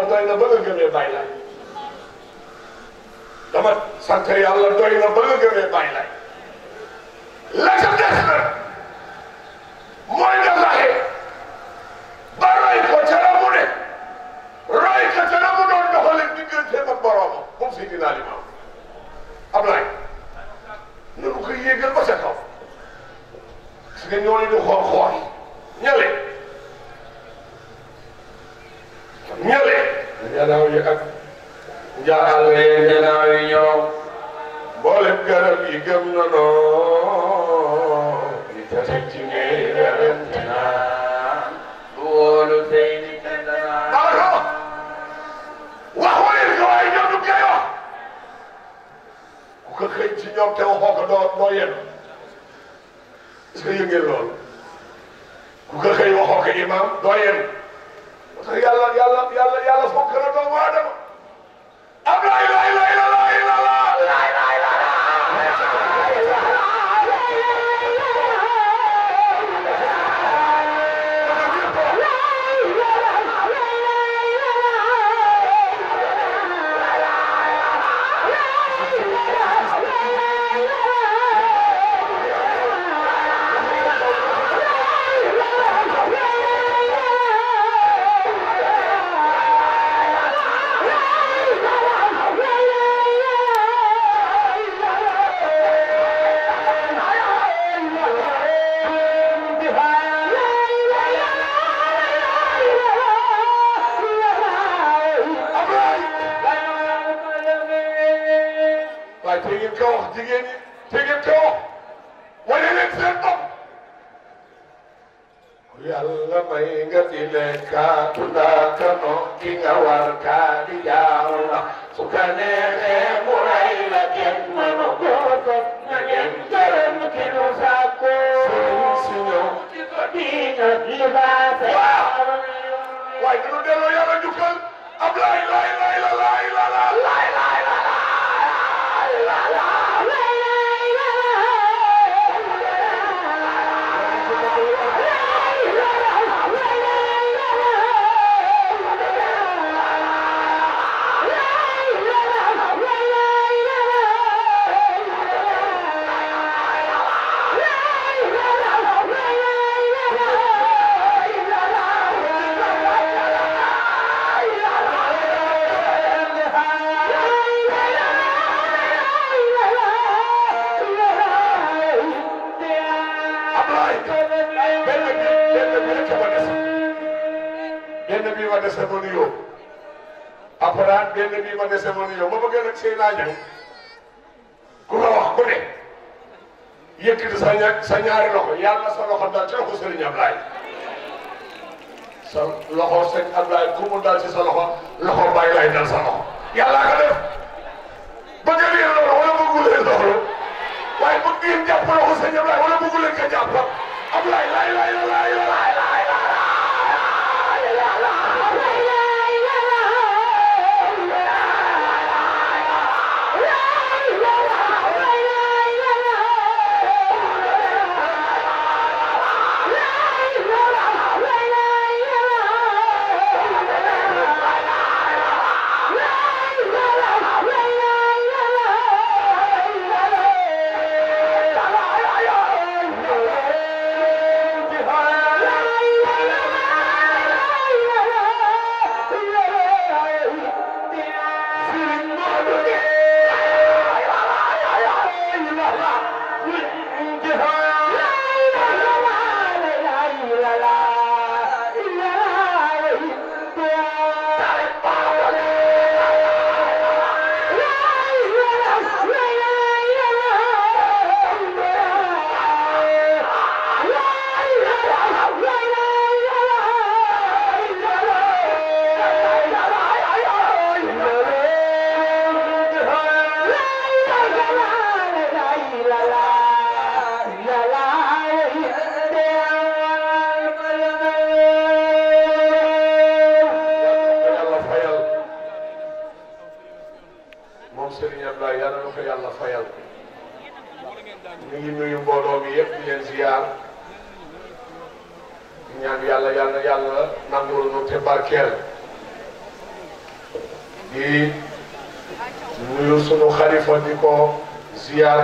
yàlla doy na ba nga gëmee bàyyi laay dama sant yàlla doy na ba la ca des nag mooy nga ba roy ko ca la mu ne roy ko ca la mu doon doxale digganteem ak boroomam moom si ko yéegal ba ca kaw parce ñële njalaw yi ak njaal yi njalaw yi boole garab yi gëm na noo li ca ci ngay garante naa du wóolu ni kandanaa allo waxu leen ko waaye ñoom du koy wax ku ko xëy ci ñoom te waxoo ko doo doo yéen loolu ku ko xëy waxoo ko imam doo yéen parce que yàlla yàlla yàlla yàlla fonk na doomu aadama laa ñëw ku la wax ku ne yëkkati sa ña sa ñaari loxo yàlla sa loxo daal ci loxo Serigne Ablaye sa loxo ku mu daal ci sa loxo loxo bàyyi laay dal sa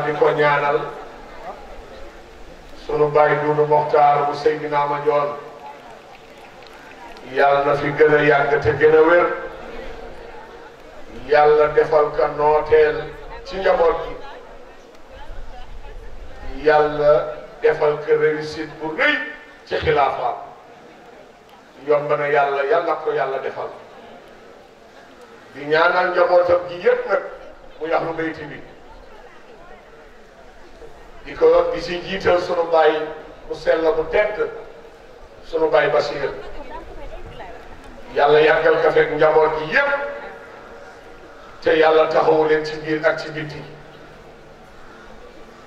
di ko ñaanal sunu bàyyi duudu moxtaar bu Seydina Mandione yàlla na fi gën a yàgg te gën a wér yàlla defal ka nooteel ci njaboot gi yàlla defal ka réussite bu rëy ci xilaafaam yomb na yàlla yàlla ko yàlla defal di ñaanal njabootam gi yëpp nag mu yaxlu bayti bi di ko si jiital sunu baay mu sell mu tedd sunu baay Basiir yàlla yàggal ka fekk njaboot gi yépp te yàlla taxawu leen ci biir ak ci bitti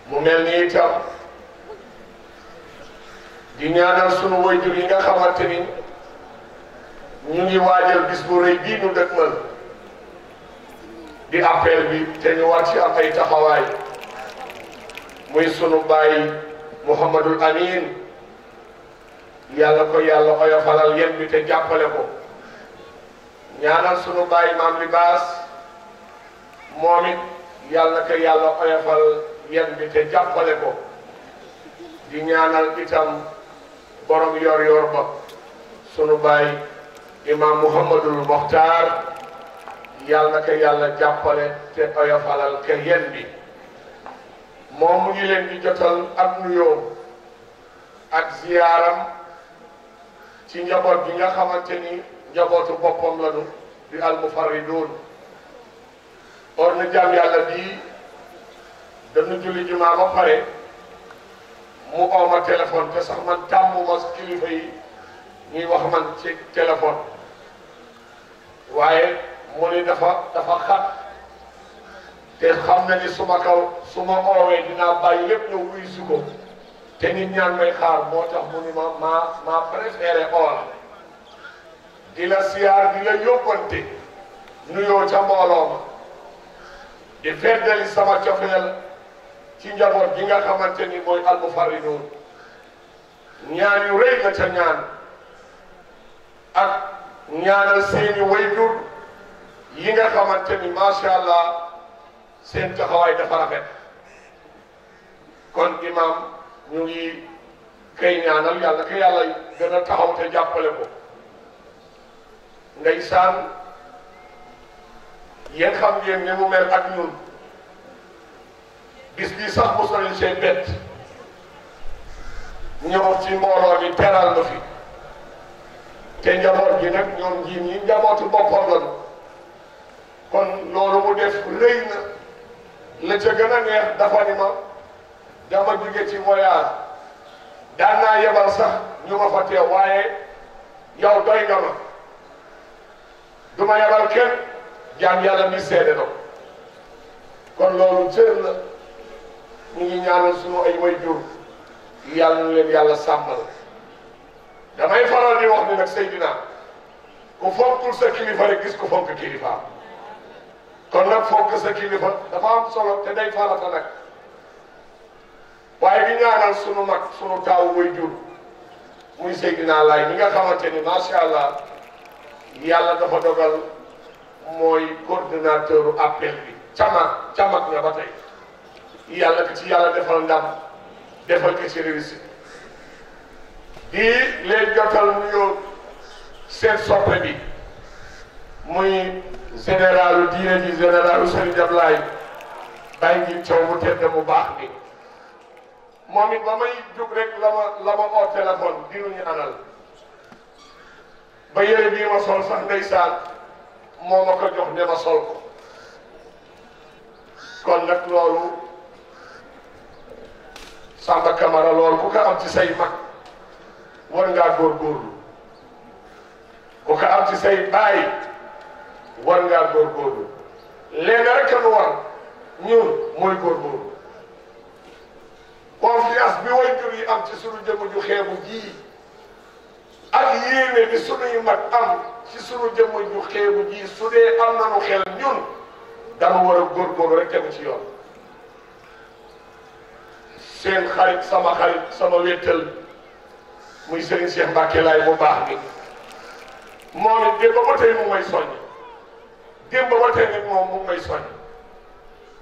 mu mel ni itam di ñaanal sunu waajur yi nga xamante ni ñu ngi waajal bis rëy bii ñu dëkkmal di appel bi te ñu war ci am ay taxawaay muy sunu baay Mouhamadul Amin yàlla ko yàlla oyofalal yéen bi te jàppale ko ñaanal sunu baay maam Libaas moom it yàlla ko yàlla oyofal yéen bi te jàppale ko di ñaanal itam borom yor-yor ba sunu baay imaam Mouhamadul Mokhtar yàlla ko yàlla jàppale te oyofalal ko yéen bi. moom mu ngi leen di jotal ak nuyoo ak ziyaaram ci njaboot bi nga xamante ni njabootu boppam la nu di almufarridoon or na jaam yàlla bii dañu julli jumaa ba pare mu ooma téléphone te sax man tàmmuma kilifa yi ñuy wax man ci téléphone waaye mu ni dafa dafa xat te xam na ni suma kaw suma oowee dinaa bàyyi lépp ñëw wuy si te nit ñaan may xaar moo tax ni ma maa maa préféré oola di la siyaar di la yóbbante nuyoo ca mbooloo ma di feddali sama cofeel ci njaboot gi nga xamante ni mooy almufarridoon ñaan yu rëy la nga xamante ni macha allah seen taxawaay dafa rafet kon imaam ñu ngi kay ñaanal yàlla ka yàlla gën a taxaw te jàppale ko ndeysaan yéen xam ngeen ne mu mel ak ñun bis bi sax mos nañu see bett ñëw ci mbooloo mi teral na fi te njaboot gi nag ji ñi njabootu boppam lañu loolu mu def rëy na la ca gën a neex dafa ni ma dama jóge ci voyage daan naa yebal sax ñu ma fa waaye yow doy nga du ma yebal kenn jaam yàlla mi seede na kon loolu cër la ngi ñaanal sunu ay way jur yàlla na leen yàlla sàmmal damay faral di wax ni nag Seydina ku fonkul sa kilifa rek gis ku fonk kilifa kon nag foog sa kilifa dafa am solo te day farata nag waaye di ñaanal sunu mag sunu taaw muy jur muy Seydina Laay ñi nga xamante ni macha allah yàlla dafa dogal mooy coordinateur appel bi camak camak nga ba tey ci yàlla defal ndam defal ko ci di leen jotal nuyoo seen soppe bi muy généralu diine ji généralu Serigne Ablaye bàyyi ngi coow mu tedd mu baax bi moom it ba may jug rek la ma la ma oo téléphone dinuñu anal ba yére bii ma sol sax ndeysaan moo ma ko jox ne ma sol ko kon nag loolu Samba Camara loolu ku ko am ci say mag war ngaa góorgóorlu ko am ci baay war ngaa góor lenn rek a nu war ñun mooy góorgóorlu confiance bi waajur yi am ci sunu jëmm ju xeebu ji ak yéene bi sunuy mag am ci sunu jëmm ju xeebu ji su dee am nanu xel ñun dama war a góorgóorlu rek tegu ci yoon seen xarit sama xarit sama wéttal muy Serigne Cheikh Mbacke laay bu baax bi moom it de ba ba tey mu may soññ démb wootee nit moom mu ngi may soññ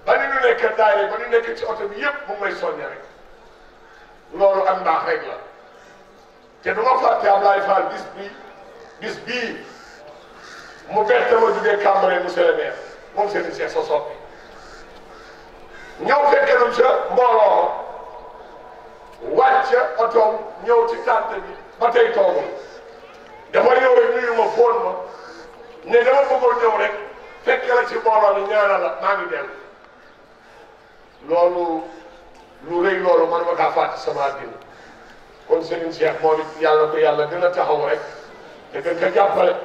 ba ni ñu nekk daayee ba ñu nekk ci oto bi yëpp mu ngi may soññ rek loolu am mbaax rek la te du ma fàtte Ablaye Fall bis bii bis bii mu bett ma jugee Cambérène monsieur le maire moom seen Cheikh sa soppi ñëw fekke nu ca mbooloo wàcc otoom ñëw ci tànt bi ba tey toogul dafa ñëw rek nuyu ma fóon ma ne dama bëggoon ñëw rek fekk la ci mbooloo mi ñaanal la maa ngi dem loolu lu rëy loolu man ma kaa fàtte sama àddina kon Serigne Cheikh moom it yàlla ko yàlla gën a taxaw rek te gën ka jàppale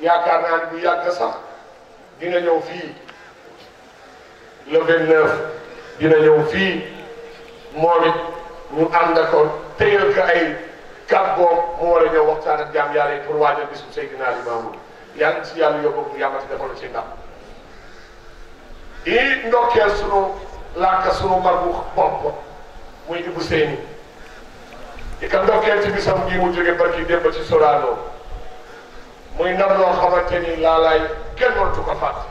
yaakaar naa ne bu yàgg sax dina ñëw fii le 29 dina ñëw fii moom it ñu ànd ko téyal ko ay kàddu boobu mu war a ñëw waxtaan ak jaam yàlla yi pour waajal bisu Seydina Limaamu yàlla na si yàlla yóbbu yàlla si defal ci ndam di ndokkeel sunu laaka sunu mar bu bopp muy Ibou Seyni di ko ndokkeel ci bisam bii mu jóge barki démb ci Sorano muy nar loo xamante ni laalaay kenn mënatu ko fàtt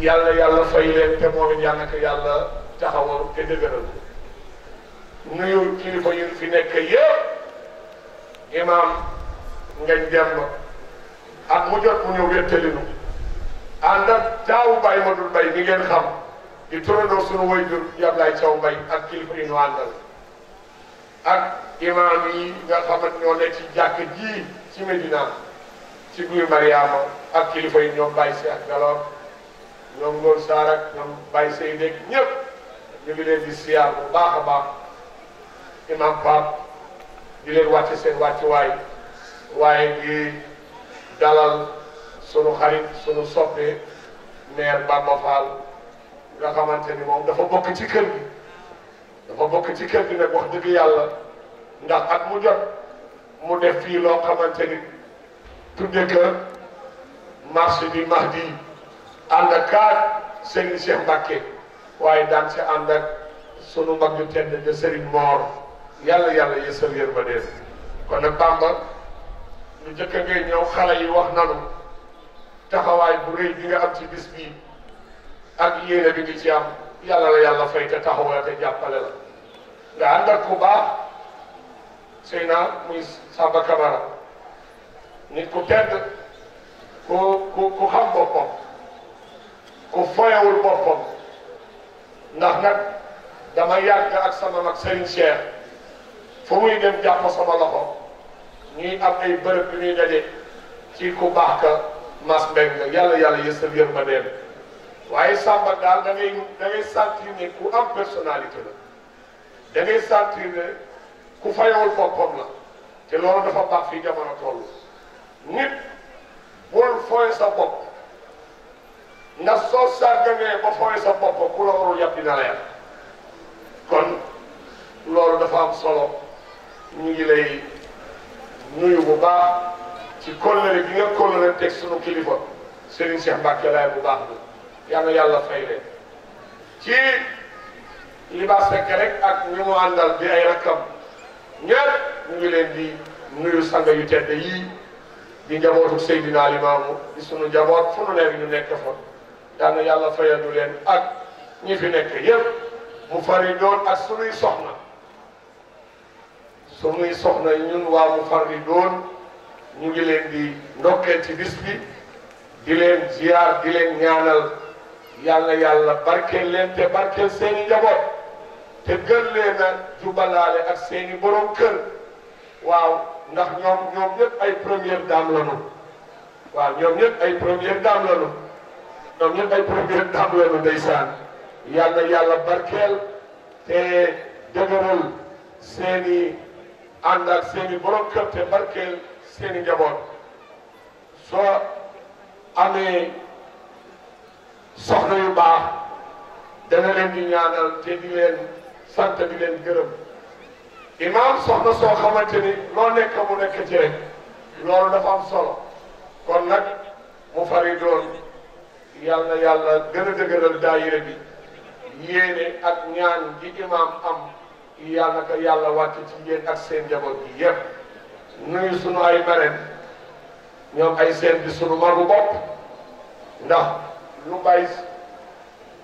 yàlla yàlla fay leen te moom it yàlla na ko yàlla taxawal te dëgëral nuyu kilifa yu fi nekk yëpp imaam ngañ dem ak mu jot mu ñëw wéttali nu ànd ak taawu Baye Madul Baye mi ngeen xam di turandoo suñu wayjur Yablaay Caw Baye ak kilifa yi ñu àndal ak imaam yi nga xamante ñoo ne ci jàkk ji ci Medina ci guy Mariama ak kilifa yi ñoom Baye Si ak Galor ñoom Ngor Saar ak ñoom Baye Sey dégg ñëpp ñu ngi leen di siyaar bu baax a baax imaam Pape di leen wàcc seen wàccuwaay waaye di. dalal sunu xarit sunu soppe maire Bamba Fall nga xamante ni moom dafa bokk ci kër gi dafa bokk ci kër gi nag wax dëgg yàlla ndax at mu jot mu def fii loo xamante ni tudde que marché bi Mahdi ànd ak kaat Serigne Cheikh waaye daan si ànd ak sunu mag ñu tedd de Serigne Mor yàlla yàlla yësal yër ba dee kon nag Bamba lu njëkk ngay ñëw xale yi wax nanu taxawaay bu rëy bi nga am ci bis bii ak yéene bi ngi ci am yàlla la yàlla fay te taxawal te jàppale la nga ànd ak ku baax sëy na muy Samba Camara nit ku tedd ku ku ku xam boppam ku foyewul boppam ndax nag dama yàgg ak sama mag Serigne Cheikh fu muy dem jàpp sama loxo ñuy am ay bërëb yu ñuy daje ci ku baax ka mas mbeng yàlla yàlla yësal yërmandeem waaye Samba daal da ngay da ne ku am personnalité la da ngay sentir ne ku fayawul boppam la te loolu dafa baax fi jamono toll nit bul fooy sa bopp ndax soo sàgganee ba fooy sa bopp ku la warul yàpp la yàpp kon loolu dafa am solo ngi lay nuyu bu baax ci kóllëre gi nga kóllëre teg sunu kilifa Serigne Cheikh Mbacke laay bu baax bi yàlla yàlla fay leen ci libaas fekk rek ak ñu mu àndal bi ay rakam ñëpp ñu ngi leen di nuyu sang yu tedd yii di njabootu Seydina Limaamu di sunu njaboot fu nu nekk ñu nekk fa yàlla yàlla fayadu leen ak ñi fi nekk yëpp mu fari doon ak sunuy soxna. muy soxna ñun waa Mufarridoon ñu ngi leen di ndokkeel ci bis bi di leen ziar di leen ñaanal yàlla yàlla barkeel leen te barkeel seeni njaboot te gën leen jubalaale ak seeni borom kër waaw ndax ñoom ñoom ñëpp ay première dame lañu waaw ñoom ñëpp ay première dame lañu ñoom ñëpp yàlla yàlla barkeel te dëgëral seeni ànd ak seen i borom kër te barkeel seen i njaboot soo amee soxna yu baax dana leen di ñaanal te di leen sant di leen gërëm imaam soxna soo xamante ni loo nekk mu nekk ci rek loolu dafa am solo kon nag mu fari doon yàlla yàlla gën a dëgëral bi yéene ak ñaan gi imaam am yàlla na yàlla wàcc ci yéen ak seen njaboot bi yëpp nuyu sunu ay marraines ñoom ay seen bi sunu maru bopp ndax lu bàyyi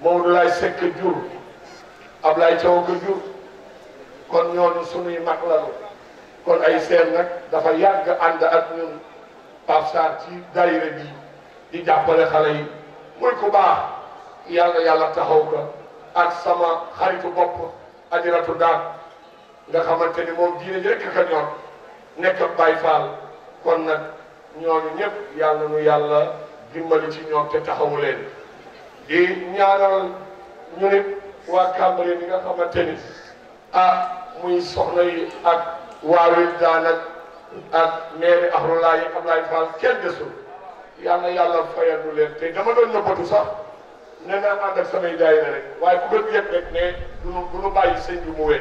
Maodo laay sekk jur Ablaye Thiaw ko jur kon ñooñu sunuy mag lañu kon ay seen nag dafa yàgg ànd ak ñun Pape Sarr ci daayira bi di jàppale xale yi muy ku baax yàlla yàlla taxaw ko ak sama xaritu bopp. ajaratu daal nga xamante ni moom diine ji rek ka ñor nekk Baay Faal kon nag ñooñu ñëpp yàlla nu yàlla dimbali ci ñoom te taxawu leen di ñaanal ñu nit waa Cambérène yi nga xamante ni ah muy soxna yi ak waa Wildan ak ak maire Akhroulaye Ablaye Fall kenn desul yàlla yàlla fayal leen te dama doon nëbbatu sax. ne naa ànd ak samay daayira rek waaye ku gën yëpp ne du nu du nu bàyyi sëñ bi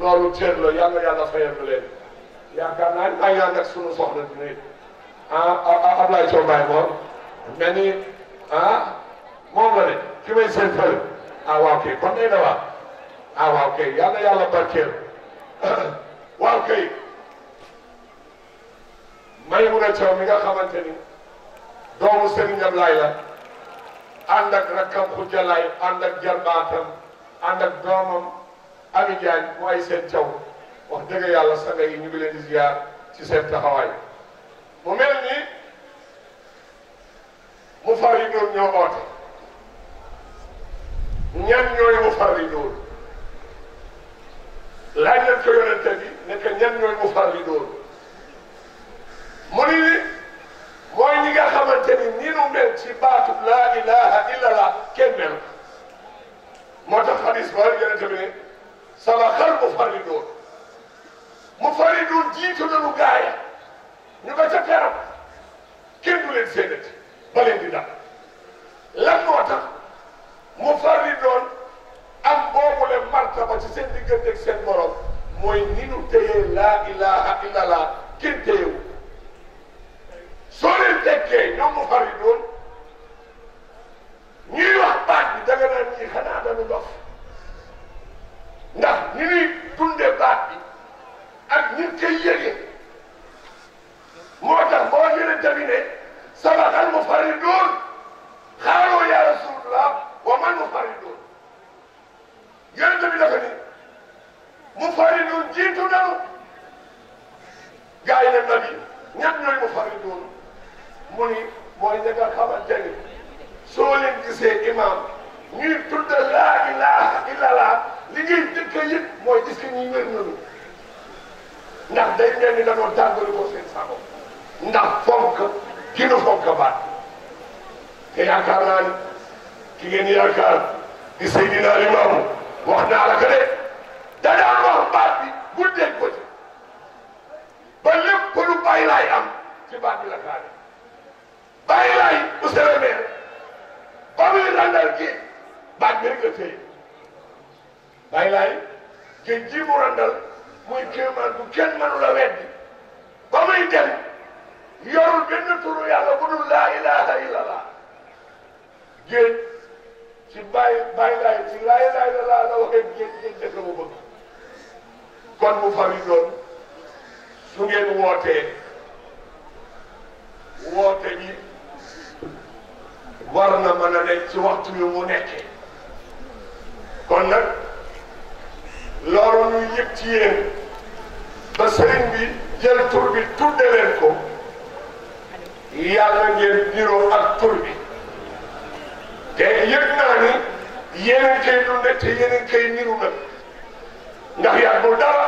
loolu cër la yàlla yàlla fayal na yaakaar naa ne maa ngi ànd ak dina it ah, ah, ah Ablaye Thiaw Mbaye moom mel ni ah moom ki may seen fële ah waaw kay kon day na waa ah waaw kay yàlla yàlla barkeel waaw kay may mun a Thiaw mi nga xamante ni doomu Serigne Ablaye ànd ak rakkam xujjalaay ànd ak jarbaatam ànd ak doomam Ami Diagne ay seen caw wax dëgg yàlla sanga ñu ngi leen di ziar ci seen taxawaay mu mel ni mu fari doon ñoo oote ñan ñooy mu fari doon laaj leen ko yonente bi ne ñan ñooy mu fari doon mu ni mooy ñi nga xamante ni nii nu mel ci baatu laa ilaha illallah kenn mel moo tax xadis ba yonente bi ne sama xar mu fari doon mu fari gaaya ñu nga ca teram kenn du leen séedati di dal lan moo tax mu am boobu leen martaba ci seen diggante ak seen borom mooy ni nu téye laa ilaha illallah kenn téyewu soo leen tekkee ñoom mu fari doon ñuy wax baat bi danga naan xanaa dañu dof ndax ñi ñuy dunde baat bi ak ñi koy yëge moo tax boo jëlee tamit sabaxal mu fari xaaroo yaa rasulullah wa man mu fari doon yéen jiitu nanu gaa ne nabi ñett ñooy mu fari mu ni mooy ña nga xamante ni soo leen gisee imam ñuy tudd laa ilaaha illallah li ngay jëkk a yëg mooy gis que ñuy wér nañu ndax day mel ni dañoo tàggali ko seen sago ndax fonk ki nu fonk baat te yaakaar naa ni ki ngeen yaakaar di Seydina Limaamu wax naa la ko de danaa wax baat bi guddeeg bëccëg ba lépp lu am ci baat bi la kaare bàyyi laay monsieur le maire commune Randal gi baat bi rek la téye bàyyi laay géej ji mu Randal muy kéemaan bu kenn la weddi ba muy dem yorul benn turu yàlla bu dul laa ilaha illallah géej ci bàyyi bàyyi laay ci laa ilaha illallah la waxee géej géej def la mu bëgg kon mu fari doon su ngeen wootee woote war na mën a nekk ci waxtu wi mu nekkee kon nag loolu ñu ñëpp ci yéen ba sëriñ bi jël tur bi tudde leen ko yàlla ngeen niroo ak tur bi te yëg naa ni yéen a ngi koy dundee te yéen a nag ndax yàggul dara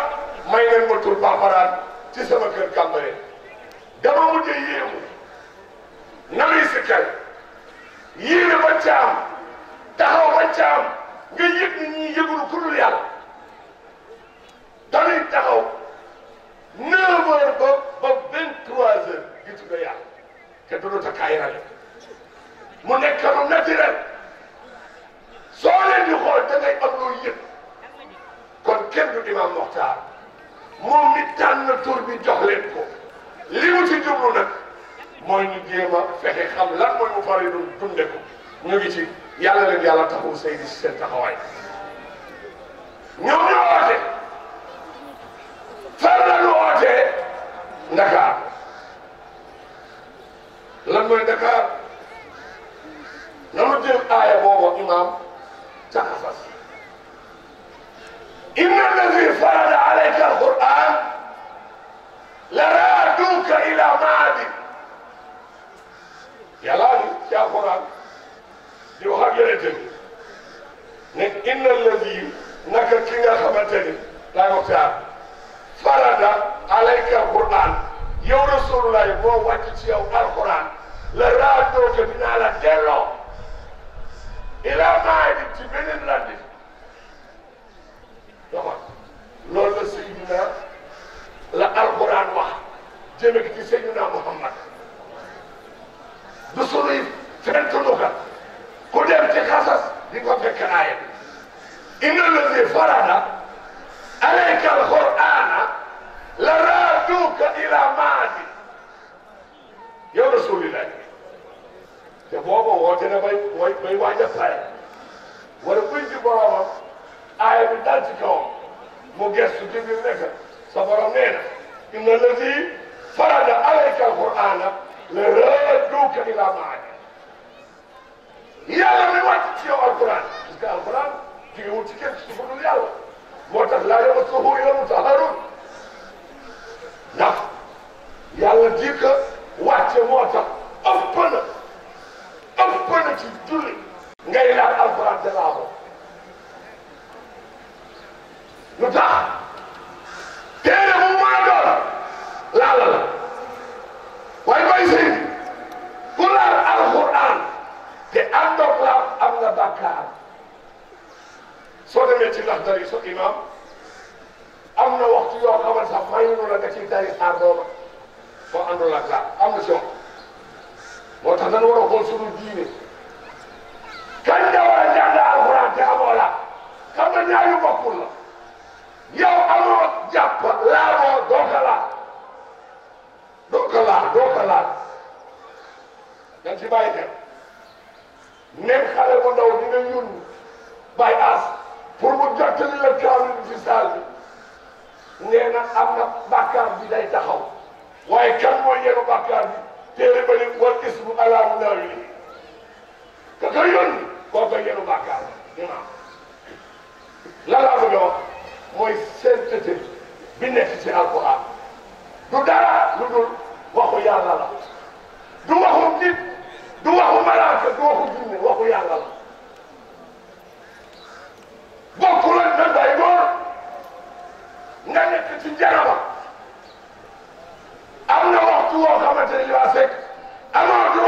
may ngeen ma tur baabaraan ci sama kër Cambérène dama mujjee yéemu nari si kër. yéene ba caam taxaw ba caam nga yëg ni ñuy yëgul ku dul yàlla dañuy taxaw 9 heures ba ba 23 heures gisu nga yàlla te du doon takkaay rale mu nekk lu naturel soo leen di xool da ngay am yëg kon kenn du Imam Mokhtar moom mi tànn tur bi jox leen ko li mu ci nag. mooy ñu jéem a fexe xam lan mooy mu fari dun dunde ko ñu ngi ci yàlla leen yàlla taxaw say di seen taxawaay ñoom ñoo woote far la ñu wootee Dakar lan mooy Dakar nanu jël aaya boobu imaam jaxafas inna allazi farada alayka alquran la raaduka ila maadi yàlla ni ci alxuraan di wax ak yonente bi ne inna lazi naka ki nga xamante ni laay waxtaan farada alayka alquran yow rasulullah moo wàcc ci yow alquran la raadoote dinaa la delloo ila maay di ci beneen landi doxal loolu la sayyidina la alquran wax jëme ki ci sayyidina muhammad du sunuy fentunuka ku dem ci xasas di ko fekk aaya bi inna lazi farada alayka alqur'ana la raaduka ila maadi yow rasulillah te boobu woote na bay bay waaj a pare wala buy ci boromam mu gestu ci biir nekk sa borom nee na inna lazi farada alayka alqur'ana لردوك إلى معاد yàlla mi wàcc ci yow alquran parce que alquran jigéewul ci kenn su ko dul yàlla moo tax laa yamassuhu illa al-mutahharun ndax yàlla di ko wàcce moo tax ëpp na ëpp na ci julli ngay laal alquran de laa ko lu tax téere mu mën a waaye mooy sëriñ ku laal alxuraan te àndoog am nga bàkkaar soo demee ci ndax dari so imam am a waxtu yoo xamal sax mayuñu la nga ciy dari aar booba boo àndul ak laal am na si wax moo tax dañu war a xool sunu diine kañ nga war a jàng alxuraan te amoo laal xam nga ñaar yu bokkul la yow amoo jàpp doo ko laal doo ko laal dañ ci bàyyi xel même xale bu ndaw dina yónni bàyyi as la kaamil bi fi saal bi nee na am na bàkkaar bi day taxaw waaye mooy yenu bàkkaar bi téere ba ni wal ismu alaamu ndaw yi ka ko yónni koo ko yenu bàkkaar imaam la laa bëgg a ci alquran du dara lu dul waxu yàlla la du waxu nit du waxu malaaka waxu jinne waxu yàlla la bokkul na bay góor nga nekk ci jaraba am na waxtu woo li waa am na waxtu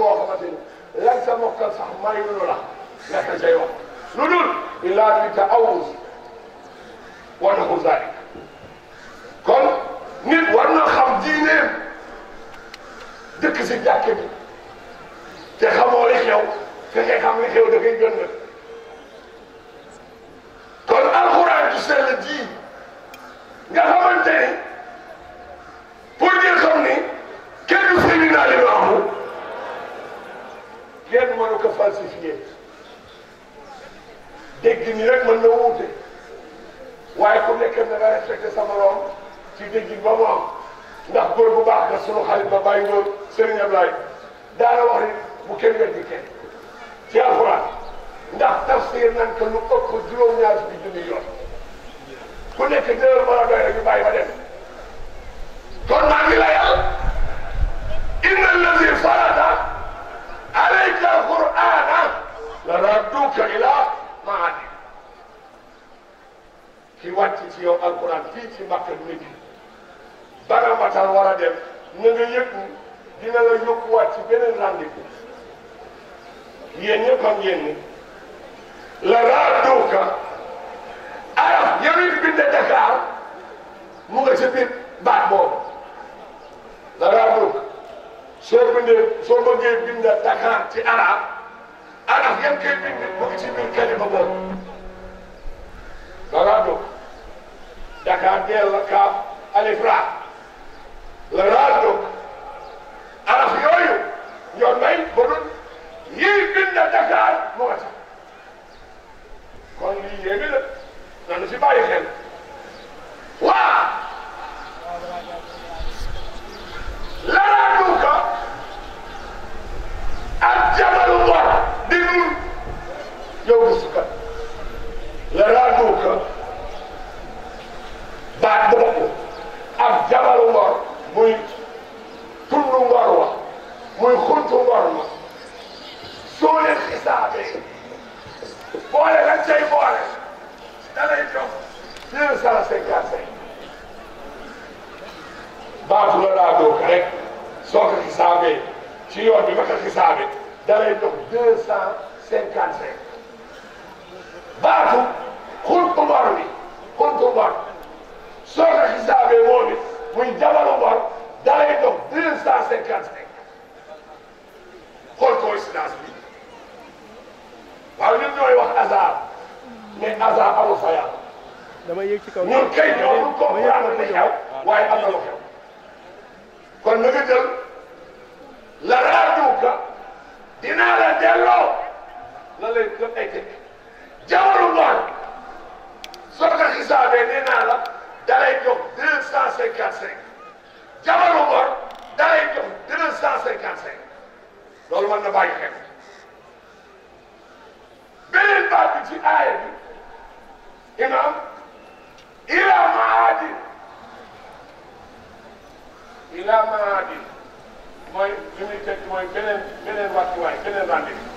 woo xamante ne sax mayu la nga ko cay wax lu dul illaa war na ko zaalik kon nit war xam diineem dëkk si jàkk bi te xamoo xew fexe xam li xew dafay gën kon alxuraan du sell ji nga xamante ni pour ngeen xam ni kenn du Seydina Limaamu kenn mënu ko falsifié dégg ni rek mën na wuute. waaye ku nekk da nga respecté sa morom ci déggin ba mu am ndax góor bu baax nga sunu xarit ba bàyyi woon Serigne Ablaye daara wax ni bu kenn nga di kenn ci alxuraan ndax bi junni yoon ku nekk dina mën a doy kon maa ngi layal inna farada alayka alqur'ana la radduka ila maadi ci wàcc ci yow alquran fii ci Mbàkke Médina ba nga matal war a dem na nga yëggu dina la yóbbuwaat ci beneen rendez-vous yéen ñëpp am ngeen ni la raaduuka araf yamuy binde Dakar mu nga ci biir baat boobu la raaduuka soo bindee soo bëggee bind Dakar ci araf araf yan koy bind mu ngi ci biir kalima boobu la raaduuka Ka Del Kaaf Alif Raa la Raa dog araf yooyu ñoo may ba doon yii bind Dakar moo ko tax kon lii yéeme la nanu si bàyyi xel la Raa dog ka ak war di nun yow gis baat dëgg ak jabalu ngor muy tundu ngor wa muy xuntu ngor ma soo leen xisaabee boole lañ cay boole da lay jox deux cent cinquante cinq baatu la daa doog rek soo ko xisaabee ci yoon bi ma ko xisaabee da lay jox deux cent cinquante cinq baatu xuntu ngor bi xuntu ngor soo ko xisaabee moom it muy jabaru bor da lay dox deux cent cinquante cinq xool coïncidence bi waaw ñun ñooy wax hasard mais hasard amul fa yàlla kay ñoo ñu comprendre li xew waaye am na lu kon na nga jël la raajuuka dinaa la delloo la lay jot ay tëj jabaru soo ko xisaabee nee naa dalay jox deux cent cinquante cinq jamono bor dalay jox deux cent cinquante cinq loolu war na bàyyi xel beneen baat bi ci aaya bi imaam ilaa maadin ilaa maadin mooy li muy teg mooy beneen beneen wàccuwaay beneen rendez-vous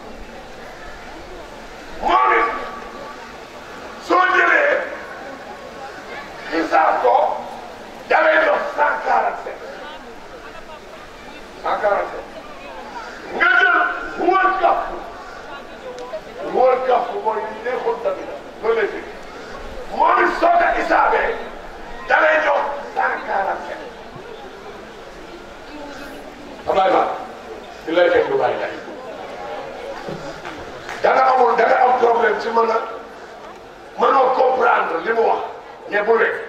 ci Zarko dafay dox cent quarante sept cent quarante sept nga jël wër kaf wër kaf mooy neexul tamit loolu lay fekk mooy soo ko isaabee dafay dox cent quarante sept Ablaye Ba fi lay fekk lu bari lay da nga amul da nga am problème ci mën a mënoo comprendre li mu wax ñebe rek.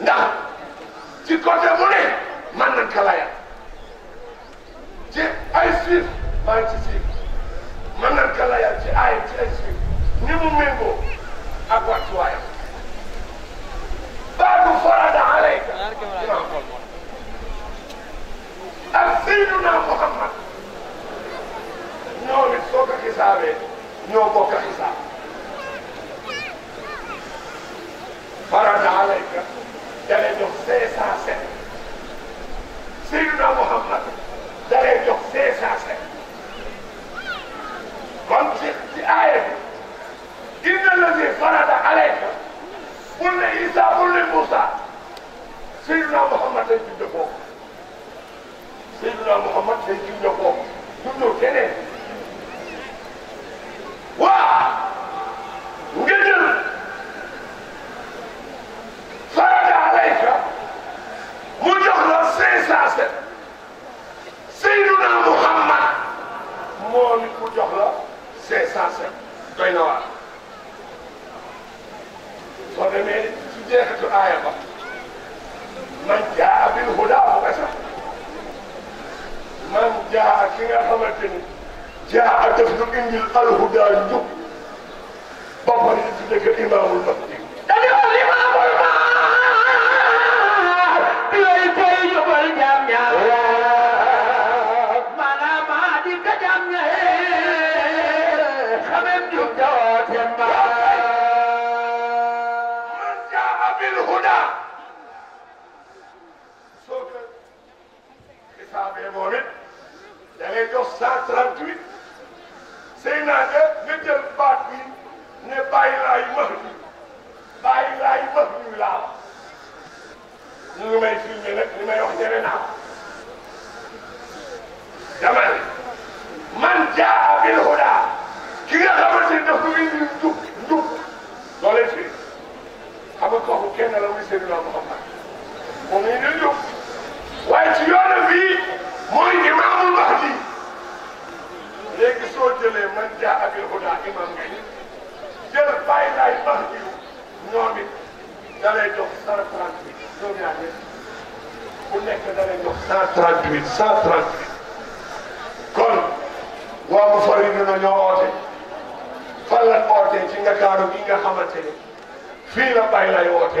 ndax ci côté mu ne man nañ ko layal ci ay suif maa ngi ci suif man nañ ko layal ci ay ci ay suif ni mu méngoo ak wàccuwaayam baatu farada alayka ak Seydina Muhammad ñoo nit soo ko xisaabee ñoo bokk xisaab farada malayka dalee jox cinq cent sept Muhammad dalee jox cinq cent kon ci ci aaya bi farada alayka bul ne Isa bul ne Moussa Seydina Muhammad day junj kooku Seydina Muhammad day junj kooku keneen doy na waar soo demee ci jeexitu aaya ba man jaa bil huda mu nga sax man jaa ki nga xamante ni jaa def lu indil al huda njub boppam it nekk imaamul na soo ko xisaabee moom it da ngay jox cent trente huit sëy naa nga nga jël baat bi ne bàyyi laay wax bi bàyyi laay wax bi laa ñu ngi may jëlee man jaa abil huda imam ngay jël bàyyi laay baax jiw ñoom it da jox cent trente huit ñoom yaa nekk da lay jox cent trente huit cent trente huit kon waa mu fari ñu na ñoo oote fan la nga kaaru gi fii la bàyyi laay oote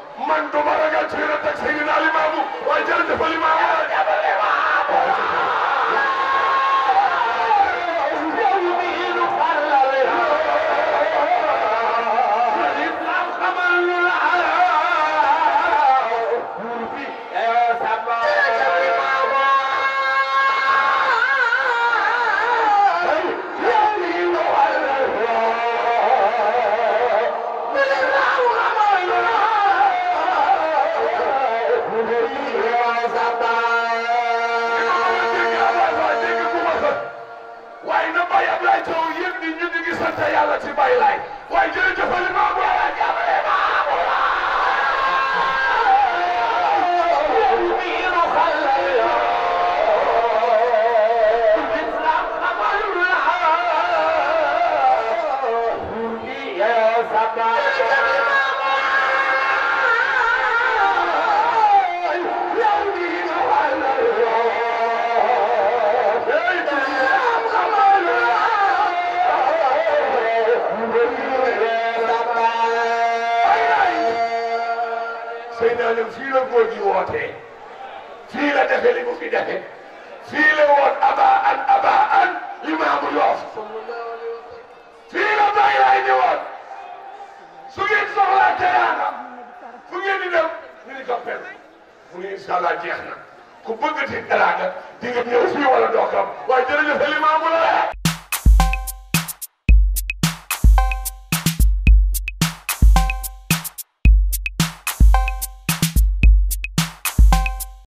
man du ma ragal ci yonent ak Seydina Limaamu waaye jërëjëf Limaamu sant yàlla ci bàyyi laay waaye jërëjëf